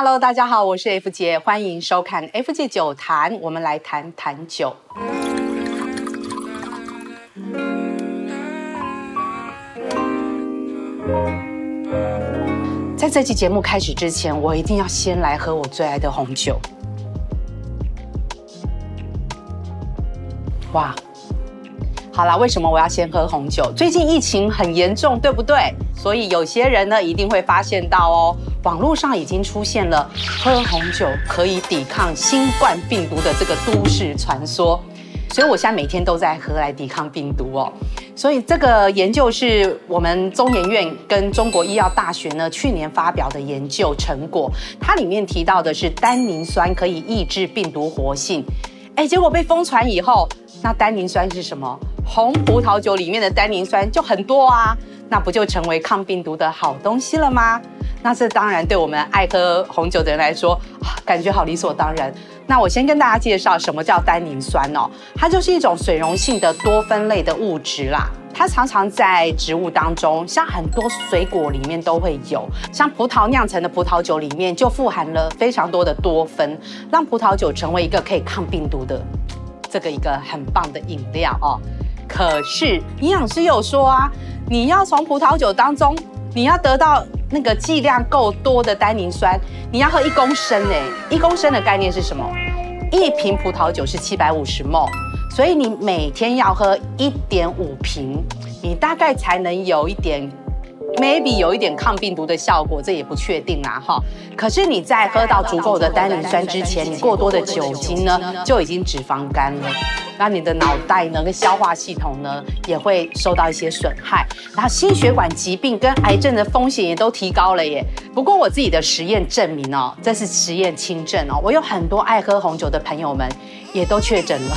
Hello，大家好，我是 F 姐，歡迎收看 F 姐酒談，我們來談談酒。在這期節目開始之前，我一定要先來喝我最愛的紅酒。哇，好啦，為什麼我要先喝紅酒？最近疫情很嚴重，對不對？所以有些人呢，一定會發現到哦。網絡上已經出現了喝紅酒可以抵抗新冠病毒的這個都市傳說，所以我現在每天都在喝來抵抗病毒哦。所以這個研究是我們中研院跟中國醫藥大學呢去年發表的研究成果，它裡面提到的是單寧酸可以抑制病毒活性。哎，結果被瘋傳以後，那單寧酸是什麼？紅葡萄酒裡面的單寧酸就很多啊。那不就成為抗病毒的好東西了嗎？那這當然對我們愛喝紅酒的人來說，啊，感覺好理所當然。那我先跟大家介紹什麼叫單寧酸哦，它就是一種水溶性的多酚類的物質啦。它常常在植物當中，像很多水果裡面都會有，像葡萄釀成的葡萄酒裡面就富含了非常多的多酚，讓葡萄酒成為一個可以抗病毒的這個一個很棒的飲料哦。可是營養師又說啊。你要從葡萄酒當中，你要得到那個劑量夠多的單寧酸，你要喝一公升，哎、欸，一公升的概念是什麼？一瓶葡萄酒是七百五十 ml，所以你每天要喝一點五瓶，你大概才能有一點。Maybe 有一點抗病毒的效果，這也不確定啦、啊，哈、哦。可是你在喝到足夠的單寧酸之前，過之前你過多的酒精呢，精呢就已經脂肪肝了。那你的腦袋呢，跟消化系統呢，也會受到一些損害。然後心血管疾病跟癌症的風險也都提高了耶。不過我自己的實驗證明哦，這是實驗輕症哦，我有很多愛喝紅酒的朋友們也都確診了。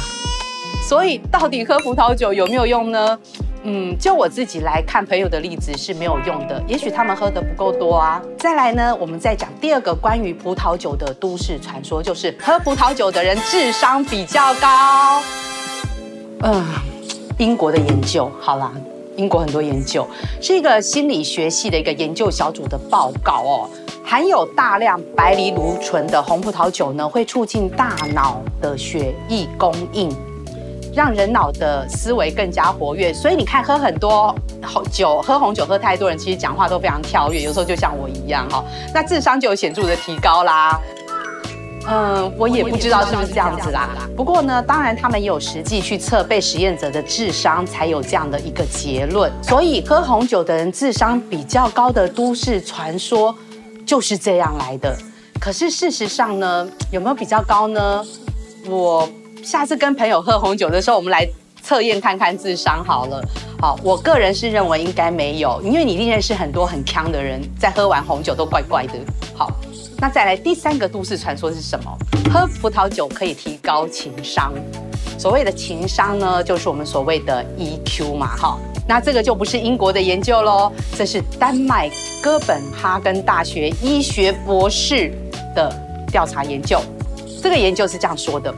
所以到底喝葡萄酒有沒有用呢？嗯，就我自己來看朋友的例子是沒有用的，也許他們喝得不夠多啊。再來呢，我們再講第二個關於葡萄酒的都市傳說，就是喝葡萄酒的人智商比較高。嗯，英國的研究，好啦，英國很多研究，是一個心理學系的一個研究小組的報告哦，含有大量白藜蘆醇的紅葡萄酒呢，會促進大腦的血液供應。讓人腦的思維更加活躍，所以你看，喝很多紅酒，喝紅酒喝太多，人其實講話都非常跳躍，有時候就像我一樣哈、哦。那智商就有顯著的提高啦。嗯、呃，我也不知道是不是這樣子啦。不，子啦，不過呢，當然他們也有實際去測被實驗者的智商，才有這樣的一個結論。所以喝紅酒的人智商比較高的都市傳說就是這樣來的。可是事實上呢，有沒有比較高呢？我。下次跟朋友喝紅酒的時候，我們來測驗看看智商好了。好，我個人是認為應該沒有，因為你一定認識很多很強的人，在喝完紅酒都怪怪的。好，那再來第三個都市傳說是什麼？喝葡萄酒可以提高情商。所謂的情商呢，就是我們所謂的 EQ 嘛。哈，那這個就不是英國的研究嘍，這是丹麥哥本哈根大學醫學博士的調查研究。這個研究是這樣說的。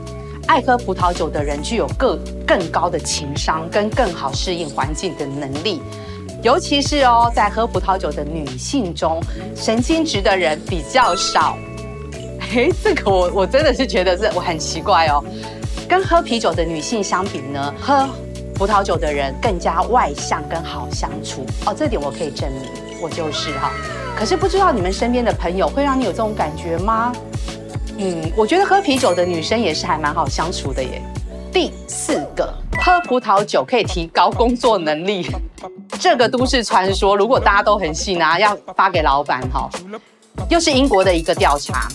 愛喝葡萄酒的人具有更更高的情商跟更好適應環境的能力，尤其是哦，在喝葡萄酒的女性中，神經質的人比較少。哎，這個我我真的是覺得這我很奇怪哦。跟喝啤酒的女性相比呢，喝葡萄酒的人更加外向跟好相處哦。這點我可以證明，我就是哈、哦。可是不知道你們身邊的朋友會讓你有這種感覺嗎？嗯，我覺得喝啤酒的女生也是還蠻好相處的耶。第四個，喝葡萄酒可以提高工作能力，這個都市傳說，如果大家都很信啊，要發給老板哈、哦。又是英國的一個調查，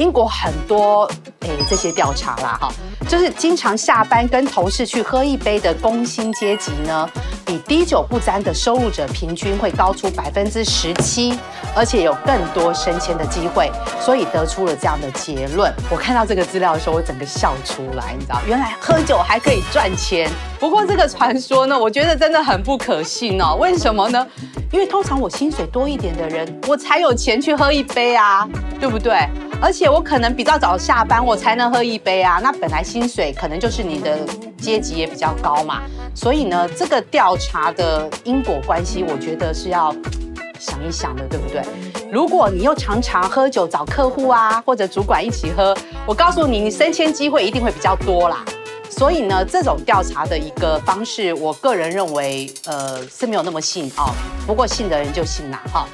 英國很多誒、哎、這些調查啦哈。哦就是經常下班跟同事去喝一杯的工薪階級呢，比滴酒不沾的收入者平均會高出百分之十七，而且有更多升遷的機會，所以得出了這樣的結論。我看到這個資料的時候，我整個笑出來，你知道，原來喝酒還可以賺錢。不過這個傳說呢，我覺得真的很不可信哦。為什麼呢？因為通常我薪水多一點的人，我才有錢去喝一杯啊，對不對？而且我可能比較早下班，我才能喝一杯啊。那本來薪水可能就是你的階級也比較高嘛，所以呢，這個調查的因果關係，我覺得是要想一想的，對不對？如果你又常常喝酒找客戶啊，或者跟主管一起喝，我告訴你，你升遷機會一定會比較多啦。所以呢，這種調查的一個方式，我個人認為，呃，是沒有那麼信哦。不過信的人就信啦、啊、哈、哦。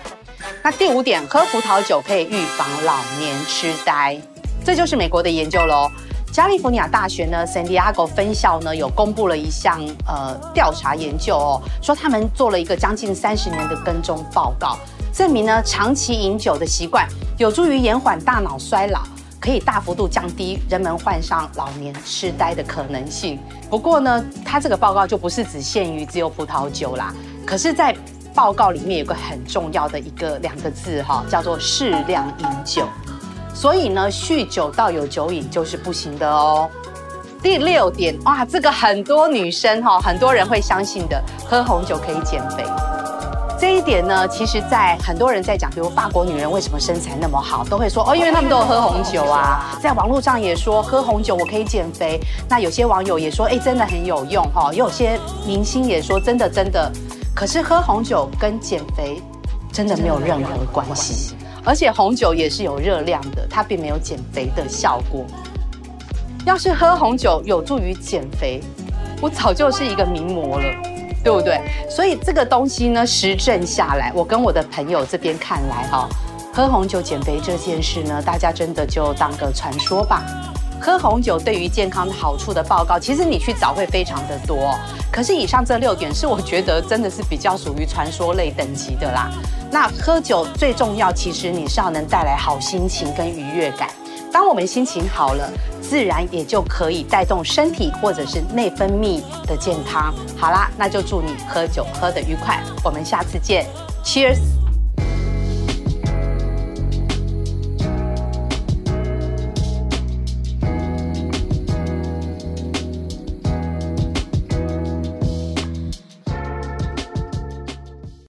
那第五點，喝葡萄酒可以預防老年癡呆，這就是美國的研究嘍。加利福尼亞大學呢，聖地亞哥分校呢，有公布了一項呃調查研究哦，說他們做了一個將近三十年的跟蹤報告，證明呢，長期飲酒的習慣有助於延緩大腦衰老，可以大幅度降低人們患上老年痴呆的可能性。不過呢，它這個報告就不是只限於只有葡萄酒啦。可是，在報告裡面有個很重要的一個兩個字哈、哦，叫做適量飲酒。所以呢，酗酒到有酒癮就是不行的哦。第六點，哇，這個很多女生哈、哦，很多人會相信的，喝紅酒可以減肥。這一點呢，其實，在很多人在講，比如法國女人為什麼身材那麼好，都會說哦，因為他們都喝紅酒啊。在網絡上也說喝紅酒我可以減肥，那有些網友也說，哎，真的很有用哈。哦、也有些明星也說，真的真的。可是喝紅酒跟減肥真的沒有任何關係，關係。而且紅酒也是有熱量的，它並沒有減肥的效果。要是喝紅酒有助於減肥，我早就是一個名模了。對不對？所以這個東西呢，實證下來，我跟我的朋友這邊看來哈、哦，喝紅酒減肥這件事呢，大家真的就當個傳說吧。喝紅酒對於健康好處的報告，其實你去找會非常的多。可是以上這六點是我覺得真的是比較屬於傳說類等級的啦。那喝酒最重要，其實你是要能帶來好心情跟愉悅感。當我們心情好了，自然也就可以帶動身體或者是內分泌的健康。好啦，那就祝你喝酒喝得愉快，我們下次見，Cheers。